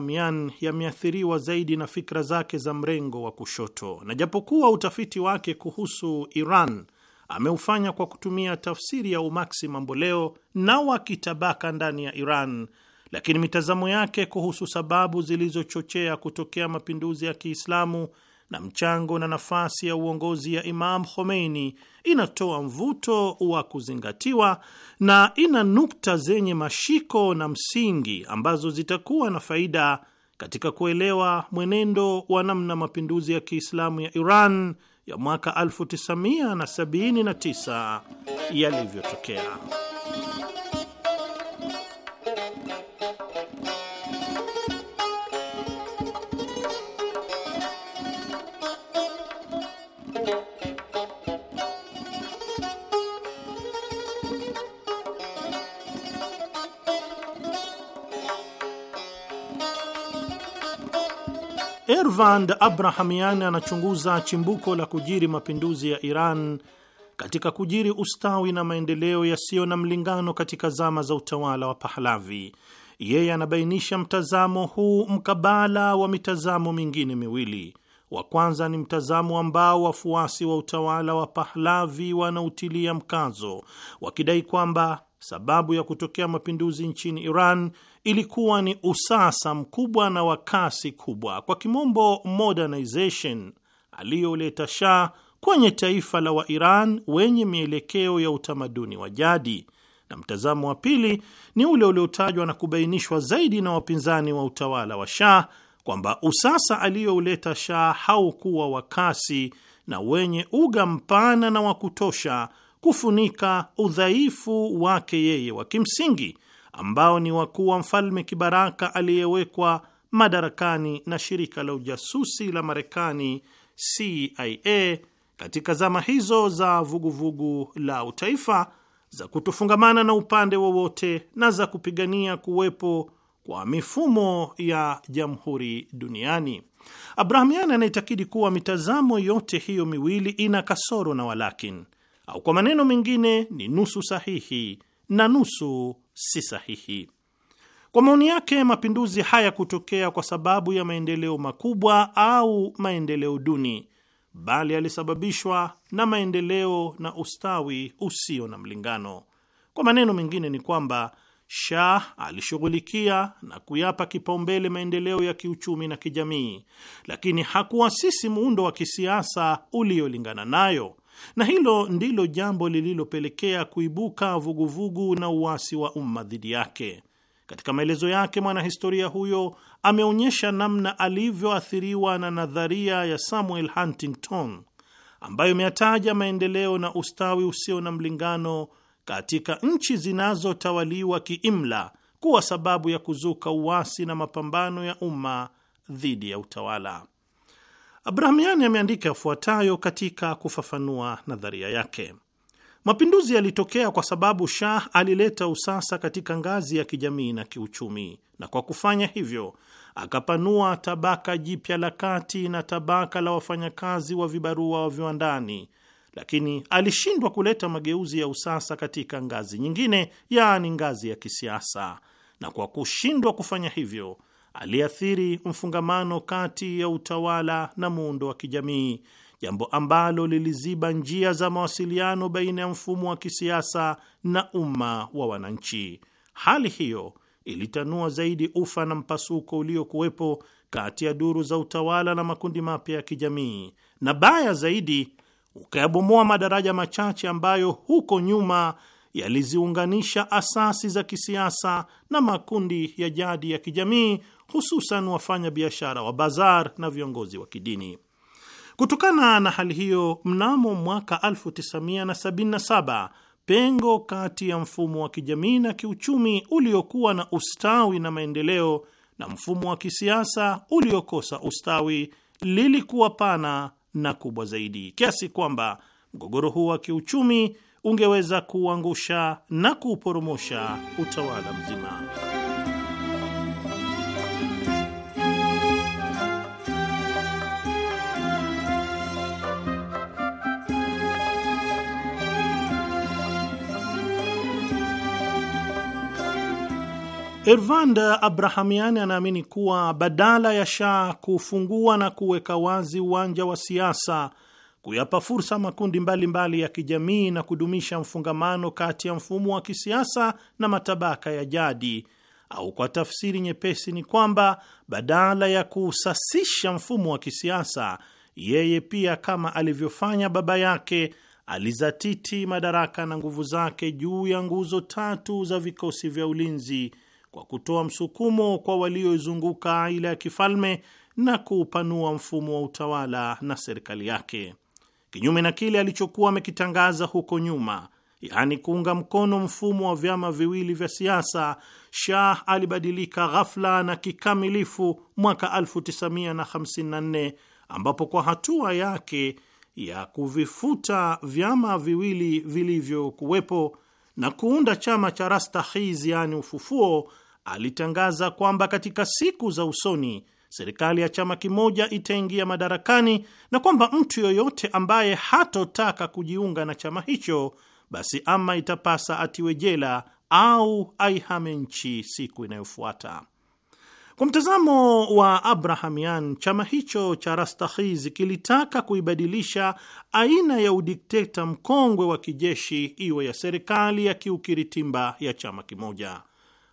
Yan yameathiriwa zaidi na fikra zake za mrengo wa kushoto, na japokuwa utafiti wake kuhusu Iran ameufanya kwa kutumia tafsiri ya Umaksi mamboleo na wakitabaka ndani ya Iran, lakini mitazamo yake kuhusu sababu zilizochochea kutokea mapinduzi ya Kiislamu na mchango na nafasi ya uongozi ya Imam Khomeini inatoa mvuto wa kuzingatiwa na ina nukta zenye mashiko na msingi ambazo zitakuwa na faida katika kuelewa mwenendo wa namna mapinduzi ya Kiislamu ya Iran ya mwaka 1979 yalivyotokea. Ervand Abrahamian anachunguza chimbuko la kujiri mapinduzi ya Iran katika kujiri ustawi na maendeleo yasiyo na mlingano katika zama za utawala wa Pahlavi. Yeye anabainisha mtazamo huu mkabala wa mitazamo mingine miwili. Wa kwanza ni mtazamo ambao wafuasi wa utawala wa Pahlavi wanautilia mkazo wakidai kwamba Sababu ya kutokea mapinduzi nchini Iran ilikuwa ni usasa mkubwa na wakasi kubwa, kwa kimombo modernization, aliyoleta Shah kwenye taifa la Wairan wenye mielekeo ya utamaduni wa jadi. Na mtazamo wa pili ni ule uliotajwa na kubainishwa zaidi na wapinzani wa utawala wa Shah kwamba usasa aliyouleta Shah haukuwa wakasi na wenye uga mpana na wa kutosha kufunika udhaifu wake yeye wa kimsingi ambao ni wakuu wa mfalme kibaraka aliyewekwa madarakani na shirika la ujasusi la Marekani CIA katika zama hizo za vuguvugu vugu la utaifa za kutofungamana na upande wowote na za kupigania kuwepo kwa mifumo ya jamhuri duniani. Abrahamian anaitakidi kuwa mitazamo yote hiyo miwili ina kasoro na walakin au kwa maneno mengine ni nusu sahihi na nusu si sahihi. Kwa maoni yake, mapinduzi haya kutokea kwa sababu ya maendeleo makubwa au maendeleo duni, bali yalisababishwa na maendeleo na ustawi usio na mlingano. Kwa maneno mengine ni kwamba Shah alishughulikia na kuyapa kipaumbele maendeleo ya kiuchumi na kijamii, lakini hakuasisi muundo wa kisiasa uliolingana nayo na hilo ndilo jambo lililopelekea kuibuka vuguvugu vugu na uasi wa umma dhidi yake. Katika maelezo yake, mwanahistoria huyo ameonyesha namna alivyoathiriwa na nadharia ya Samuel Huntington ambayo imeyataja maendeleo na ustawi usio na mlingano katika nchi zinazotawaliwa kiimla kuwa sababu ya kuzuka uasi na mapambano ya umma dhidi ya utawala. Abrahamiani ameandika yafuatayo katika kufafanua nadharia yake. Mapinduzi yalitokea kwa sababu Shah alileta usasa katika ngazi ya kijamii na kiuchumi, na kwa kufanya hivyo akapanua tabaka jipya la kati na tabaka la wafanyakazi wa vibarua wa viwandani, lakini alishindwa kuleta mageuzi ya usasa katika ngazi nyingine, yaani ngazi ya kisiasa, na kwa kushindwa kufanya hivyo aliathiri mfungamano kati ya utawala na muundo wa kijamii, jambo ambalo liliziba njia za mawasiliano baina ya mfumo wa kisiasa na umma wa wananchi. Hali hiyo ilitanua zaidi ufa na mpasuko uliokuwepo kati ya duru za utawala na makundi mapya ya kijamii, na baya zaidi ukayabomoa madaraja machache ambayo huko nyuma yaliziunganisha asasi za kisiasa na makundi ya jadi ya kijamii hususan wafanya biashara wa bazar na viongozi wa kidini. Kutokana na hali hiyo, mnamo mwaka 1977 pengo kati ya mfumo wa kijamii na kiuchumi uliokuwa na ustawi na maendeleo na mfumo wa kisiasa uliokosa ustawi lilikuwa pana na kubwa zaidi kiasi kwamba mgogoro huu wa kiuchumi ungeweza kuuangusha na kuuporomosha utawala mzima. Ervand Abrahamian anaamini kuwa badala ya Shah kufungua na kuweka wazi uwanja wa siasa, kuyapa fursa makundi mbalimbali mbali ya kijamii na kudumisha mfungamano kati ya mfumo wa kisiasa na matabaka ya jadi, au kwa tafsiri nyepesi ni kwamba badala ya kusasisha mfumo wa kisiasa, yeye pia kama alivyofanya baba yake alizatiti madaraka na nguvu zake juu ya nguzo tatu za vikosi vya ulinzi kwa kutoa msukumo kwa walioizunguka aila ya kifalme na kuupanua mfumo wa utawala na serikali yake, kinyume na kile alichokuwa amekitangaza huko nyuma, yaani kuunga mkono mfumo wa vyama viwili vya siasa. Shah alibadilika ghafla na kikamilifu mwaka 1954 ambapo kwa hatua yake ya kuvifuta vyama viwili vilivyokuwepo na kuunda chama cha Rastakhis, yaani ufufuo, alitangaza kwamba katika siku za usoni serikali ya chama kimoja itaingia madarakani na kwamba mtu yoyote ambaye hatotaka kujiunga na chama hicho basi ama itapasa atiwe jela au aihame nchi siku inayofuata. Kwa mtazamo wa Abrahamian, chama hicho cha Rastakhiz kilitaka kuibadilisha aina ya udikteta mkongwe wa kijeshi iwe ya serikali ya kiukiritimba ya chama kimoja.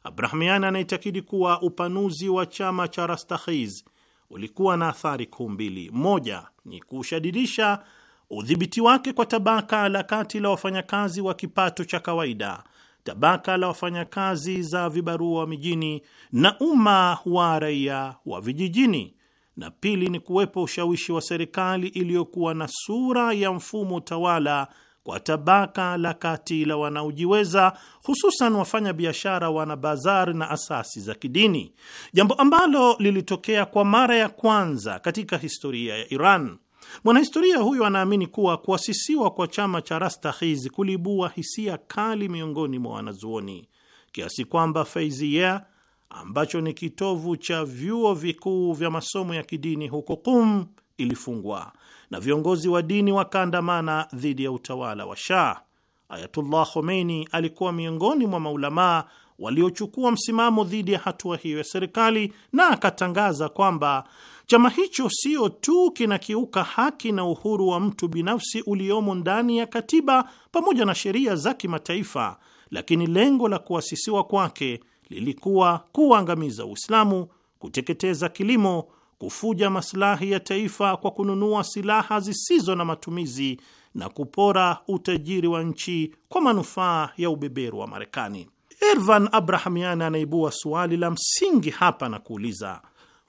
Abrahamian anaitakidi kuwa upanuzi wa chama cha Rastakhiz ulikuwa na athari kuu mbili. Moja ni kushadidisha udhibiti wake kwa tabaka la kati la wafanyakazi wa kipato cha kawaida, tabaka la wafanyakazi za vibarua wa mijini na umma wa raia wa vijijini, na pili ni kuwepo ushawishi wa serikali iliyokuwa na sura ya mfumo utawala kwa tabaka la kati la wanaojiweza, hususan wafanya biashara, wana bazar na asasi za kidini, jambo ambalo lilitokea kwa mara ya kwanza katika historia ya Iran. Mwanahistoria huyo anaamini kuwa kuasisiwa kwa chama cha Rastakhiz kuliibua hisia kali miongoni mwa wanazuoni kiasi kwamba faizia ambacho ni kitovu cha vyuo vikuu vya masomo ya kidini huko Qum ilifungwa na viongozi wa dini wakaandamana dhidi ya utawala wa Shah. Ayatullah Khomeini alikuwa miongoni mwa maulamaa waliochukua msimamo dhidi ya hatua hiyo ya serikali na akatangaza kwamba chama hicho sio tu kinakiuka haki na uhuru wa mtu binafsi uliomo ndani ya katiba pamoja na sheria za kimataifa, lakini lengo la kuasisiwa kwake lilikuwa kuuangamiza Uislamu, kuteketeza kilimo kufuja maslahi ya taifa kwa kununua silaha zisizo na matumizi na kupora utajiri wa nchi kwa manufaa ya ubeberu wa Marekani. Ervan Abrahamian anaibua suali la msingi hapa na kuuliza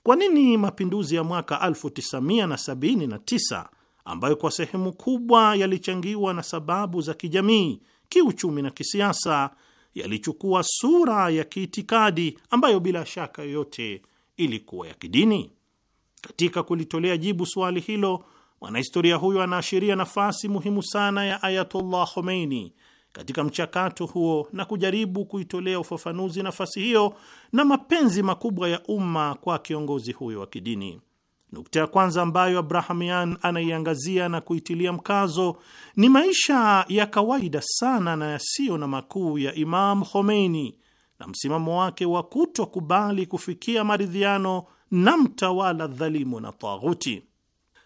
kwa nini mapinduzi ya mwaka 1979 ambayo kwa sehemu kubwa yalichangiwa na sababu za kijamii, kiuchumi na kisiasa yalichukua sura ya kiitikadi ambayo bila shaka yoyote ilikuwa ya kidini? Katika kulitolea jibu suali hilo, mwanahistoria huyo anaashiria nafasi muhimu sana ya Ayatullah Khomeini katika mchakato huo na kujaribu kuitolea ufafanuzi nafasi hiyo na mapenzi makubwa ya umma kwa kiongozi huyo wa kidini. Nukta ya kwanza ambayo Abrahamian anaiangazia na kuitilia mkazo ni maisha ya kawaida sana na yasiyo na makuu ya Imam Khomeini na msimamo wake wa kutokubali kufikia maridhiano na mtawala dhalimu na taghuti.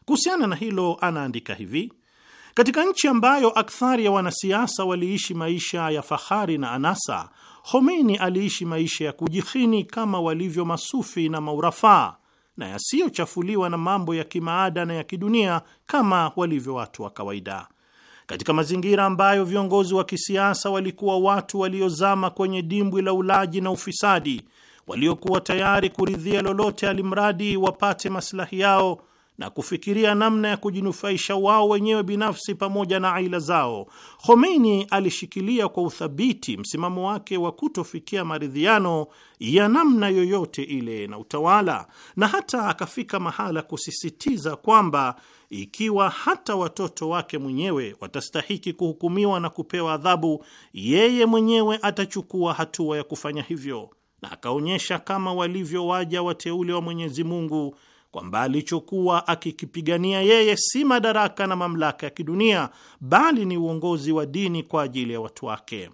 Kuhusiana na hilo, anaandika hivi: katika nchi ambayo akthari ya wanasiasa waliishi maisha ya fahari na anasa, Khomeini aliishi maisha ya kujihini kama walivyo masufi na maurafaa na yasiyochafuliwa na mambo ya kimaada na ya kidunia kama walivyo watu wa kawaida. Katika mazingira ambayo viongozi wa kisiasa walikuwa watu waliozama kwenye dimbwi la ulaji na ufisadi, waliokuwa tayari kuridhia lolote alimradi wapate maslahi yao na kufikiria namna ya kujinufaisha wao wenyewe binafsi pamoja na aila zao. Khomeini alishikilia kwa uthabiti msimamo wake wa kutofikia maridhiano ya namna yoyote ile na utawala, na hata akafika mahala kusisitiza kwamba ikiwa hata watoto wake mwenyewe watastahiki kuhukumiwa na kupewa adhabu, yeye mwenyewe atachukua hatua ya kufanya hivyo na akaonyesha kama walivyo waja wateule wa Mwenyezi Mungu kwamba alichokuwa akikipigania yeye si madaraka na mamlaka ya kidunia, bali ni uongozi wa dini kwa ajili ya watu wake.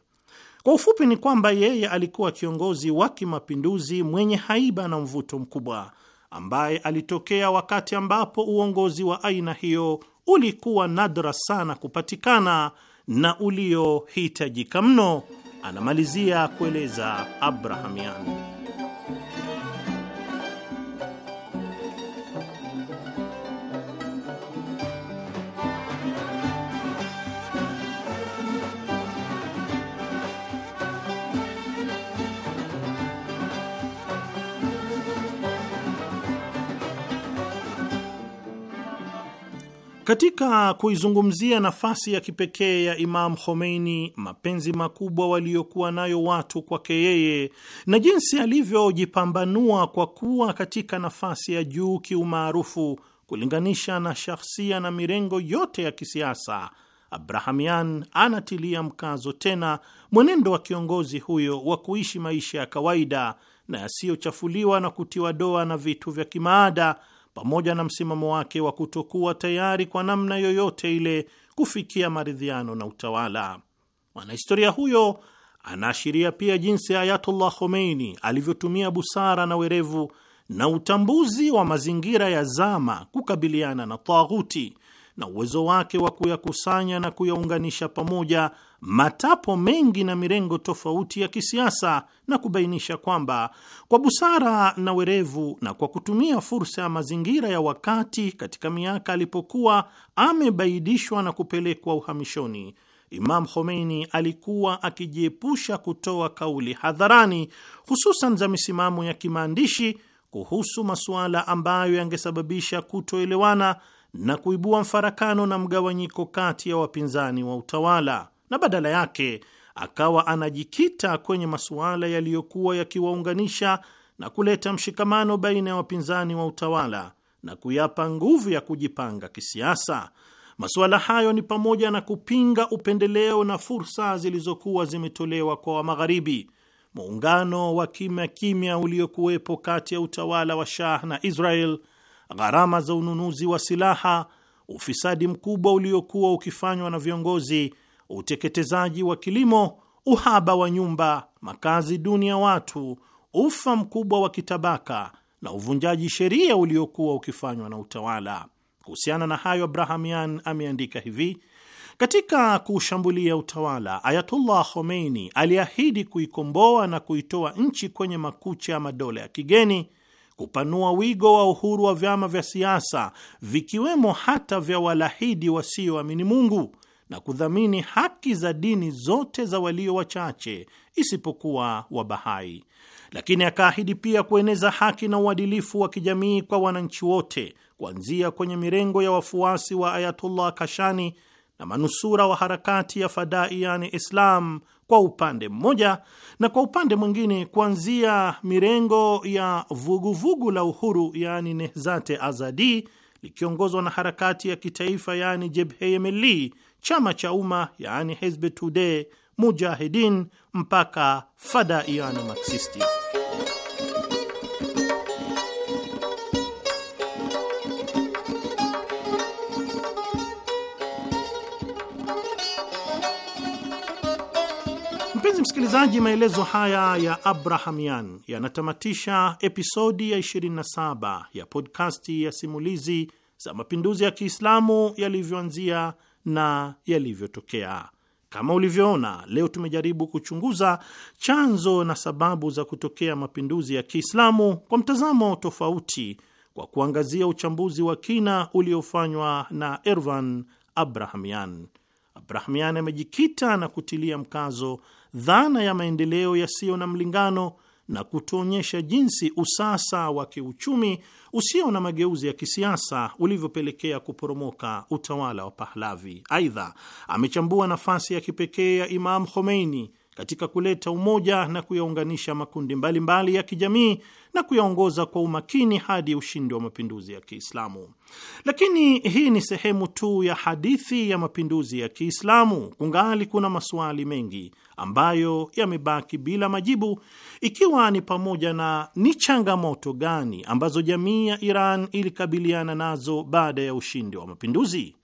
Kwa ufupi ni kwamba yeye alikuwa kiongozi wa kimapinduzi mwenye haiba na mvuto mkubwa ambaye alitokea wakati ambapo uongozi wa aina hiyo ulikuwa nadra sana kupatikana na uliohitajika mno anamalizia kueleza yani Katika kuizungumzia nafasi ya kipekee ya Imam Khomeini, mapenzi makubwa waliyokuwa nayo watu kwake yeye na jinsi alivyojipambanua kwa kuwa katika nafasi ya juu kiumaarufu kulinganisha na shahsia na mirengo yote ya kisiasa, Abrahamian anatilia mkazo tena mwenendo wa kiongozi huyo wa kuishi maisha ya kawaida na yasiyochafuliwa na kutiwa doa na vitu vya kimaada pamoja na msimamo wake wa kutokuwa tayari kwa namna yoyote ile kufikia maridhiano na utawala. Mwanahistoria huyo anaashiria pia jinsi Ayatullah Khomeini alivyotumia busara na werevu na utambuzi wa mazingira ya zama kukabiliana na taghuti na uwezo wake wa kuyakusanya na kuyaunganisha pamoja matapo mengi na mirengo tofauti ya kisiasa na kubainisha kwamba kwa busara na werevu na kwa kutumia fursa ya mazingira ya wakati katika miaka alipokuwa amebaidishwa na kupelekwa uhamishoni, Imam Khomeini alikuwa akijiepusha kutoa kauli hadharani, hususan za misimamo ya kimaandishi kuhusu masuala ambayo yangesababisha kutoelewana na kuibua mfarakano na mgawanyiko kati ya wapinzani wa utawala na badala yake akawa anajikita kwenye masuala yaliyokuwa yakiwaunganisha na kuleta mshikamano baina ya wapinzani wa utawala na kuyapa nguvu ya kujipanga kisiasa. Masuala hayo ni pamoja na kupinga upendeleo na fursa zilizokuwa zimetolewa kwa Wamagharibi, muungano wa kimya kimya uliokuwepo kati ya utawala wa Shah na Israel, gharama za ununuzi wa silaha, ufisadi mkubwa uliokuwa ukifanywa na viongozi uteketezaji wa kilimo, uhaba wa nyumba, makazi duni ya watu, ufa mkubwa wa kitabaka na uvunjaji sheria uliokuwa ukifanywa na utawala. Kuhusiana na hayo, Abrahamian ameandika hivi: katika kuushambulia utawala, Ayatullah Khomeini aliahidi kuikomboa na kuitoa nchi kwenye makucha ya madola ya kigeni, kupanua wigo wa uhuru wa vyama vya siasa, vikiwemo hata vya walahidi wasioamini Mungu na kudhamini haki za dini zote za walio wachache isipokuwa Wabahai, lakini akaahidi pia kueneza haki na uadilifu wa kijamii kwa wananchi wote, kuanzia kwenye mirengo ya wafuasi wa Ayatullah Kashani na manusura wa harakati ya Fadai yani Islam kwa upande mmoja, na kwa upande mwingine kuanzia mirengo ya vuguvugu vugu la uhuru yani Nehzate Azadi likiongozwa na harakati ya kitaifa yani Jebheye chama cha umma yaani Hizb Tude, Mujahidin mpaka Fadaiani Marksisti. Mpenzi msikilizaji, maelezo haya ya Abrahamian yanatamatisha episodi ya 27 ya podkasti ya simulizi za mapinduzi ya Kiislamu yalivyoanzia na yalivyotokea. Kama ulivyoona, leo tumejaribu kuchunguza chanzo na sababu za kutokea mapinduzi ya Kiislamu kwa mtazamo tofauti kwa kuangazia uchambuzi wa kina uliofanywa na Ervan Abrahamian. Abrahamian amejikita na kutilia mkazo dhana ya maendeleo yasiyo na mlingano na kutuonyesha jinsi usasa wa kiuchumi usio na mageuzi ya kisiasa ulivyopelekea kuporomoka utawala wa Pahlavi. Aidha, amechambua nafasi ya kipekee ya Imam Khomeini katika kuleta umoja na kuyaunganisha makundi mbalimbali mbali ya kijamii na kuyaongoza kwa umakini hadi ushindi wa mapinduzi ya Kiislamu. Lakini hii ni sehemu tu ya hadithi ya mapinduzi ya Kiislamu. Kungali kuna maswali mengi ambayo yamebaki bila majibu, ikiwa ni pamoja na ni changamoto gani ambazo jamii ya Iran ilikabiliana nazo baada ya ushindi wa mapinduzi.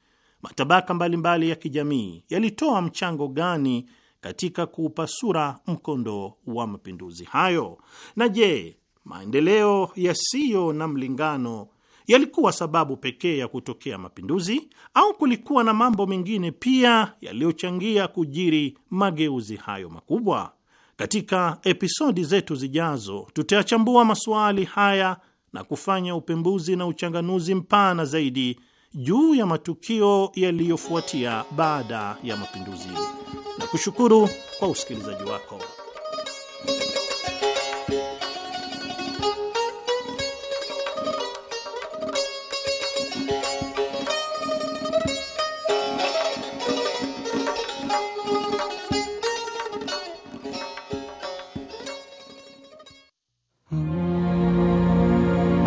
Matabaka mbalimbali mbali ya kijamii yalitoa mchango gani katika kuupa sura mkondo wa mapinduzi hayo? Na je, maendeleo yasiyo na mlingano yalikuwa sababu pekee ya kutokea mapinduzi au kulikuwa na mambo mengine pia yaliyochangia kujiri mageuzi hayo makubwa? Katika episodi zetu zijazo, tutayachambua masuali haya na kufanya upembuzi na uchanganuzi mpana zaidi juu ya matukio yaliyofuatia baada ya mapinduzi na kushukuru kwa usikilizaji wako.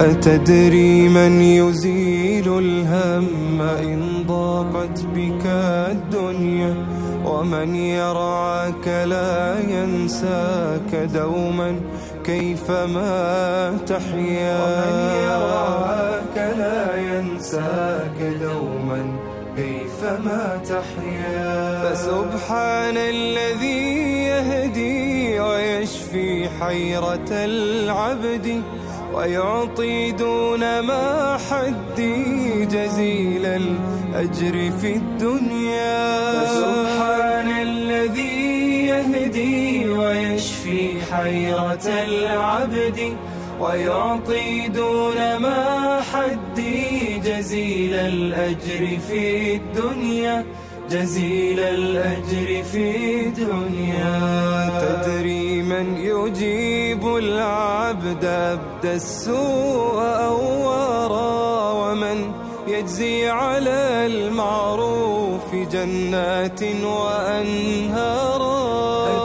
أتدري من يزيل الهم إن ضاقت بك الدنيا ومن يرعاك لا ينساك دوما كيفما تحيا ومن يرعاك لا ينساك دوما كيفما تحيا فسبحان الذي يهدي ويشفي حيرة العبد ويعطي دون ما حدي جزيل الأجر في الدنيا فسبحان الذي يهدي ويشفي حيرة العبد ويعطي دون ما حدي جزيل الأجر في الدنيا جزيل الأجر في دنيا تدري من يجيب العبد أبدى السوء أو ومن يجزي على المعروف جنات وأنهارا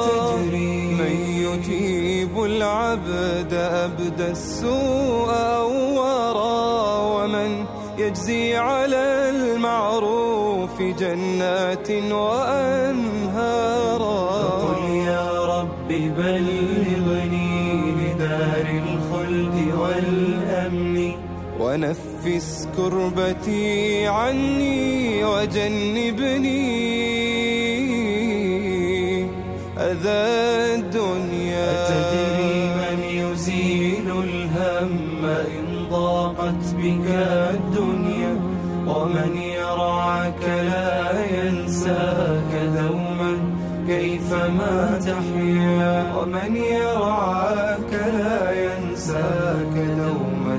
أتدري من يجيب العبد أبدى السوء أو ومن يجزي على في جنات وأنهارا فقل يا رب بلغني لدار الخلد والأمن ونفس كربتي عني وجنبني أذى الدنيا أتدري من يزيل الهم إن ضاقت بك الدنيا ومن أنساك دوما كيفما تحيا ومن يرعاك لا ينساك دوما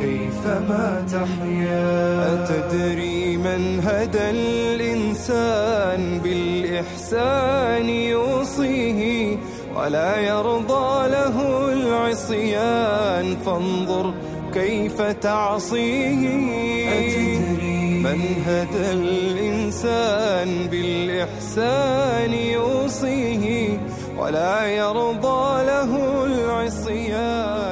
كيفما تحيا أتدري من هدى الإنسان بالإحسان يوصيه ولا يرضى له العصيان فانظر كيف تعصيه من هدى الإنسان بالإحسان يوصيه ولا يرضى له العصيان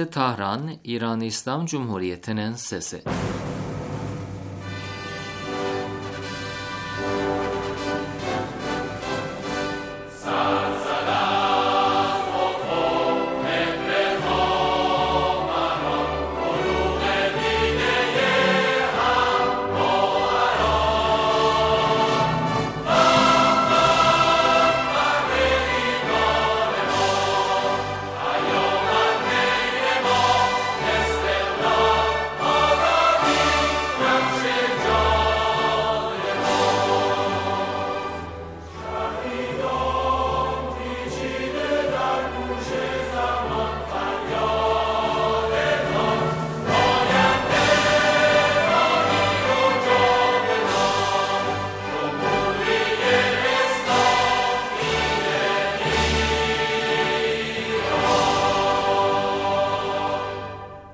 Tahran, İran İslam Cumhuriyeti'nin sesi.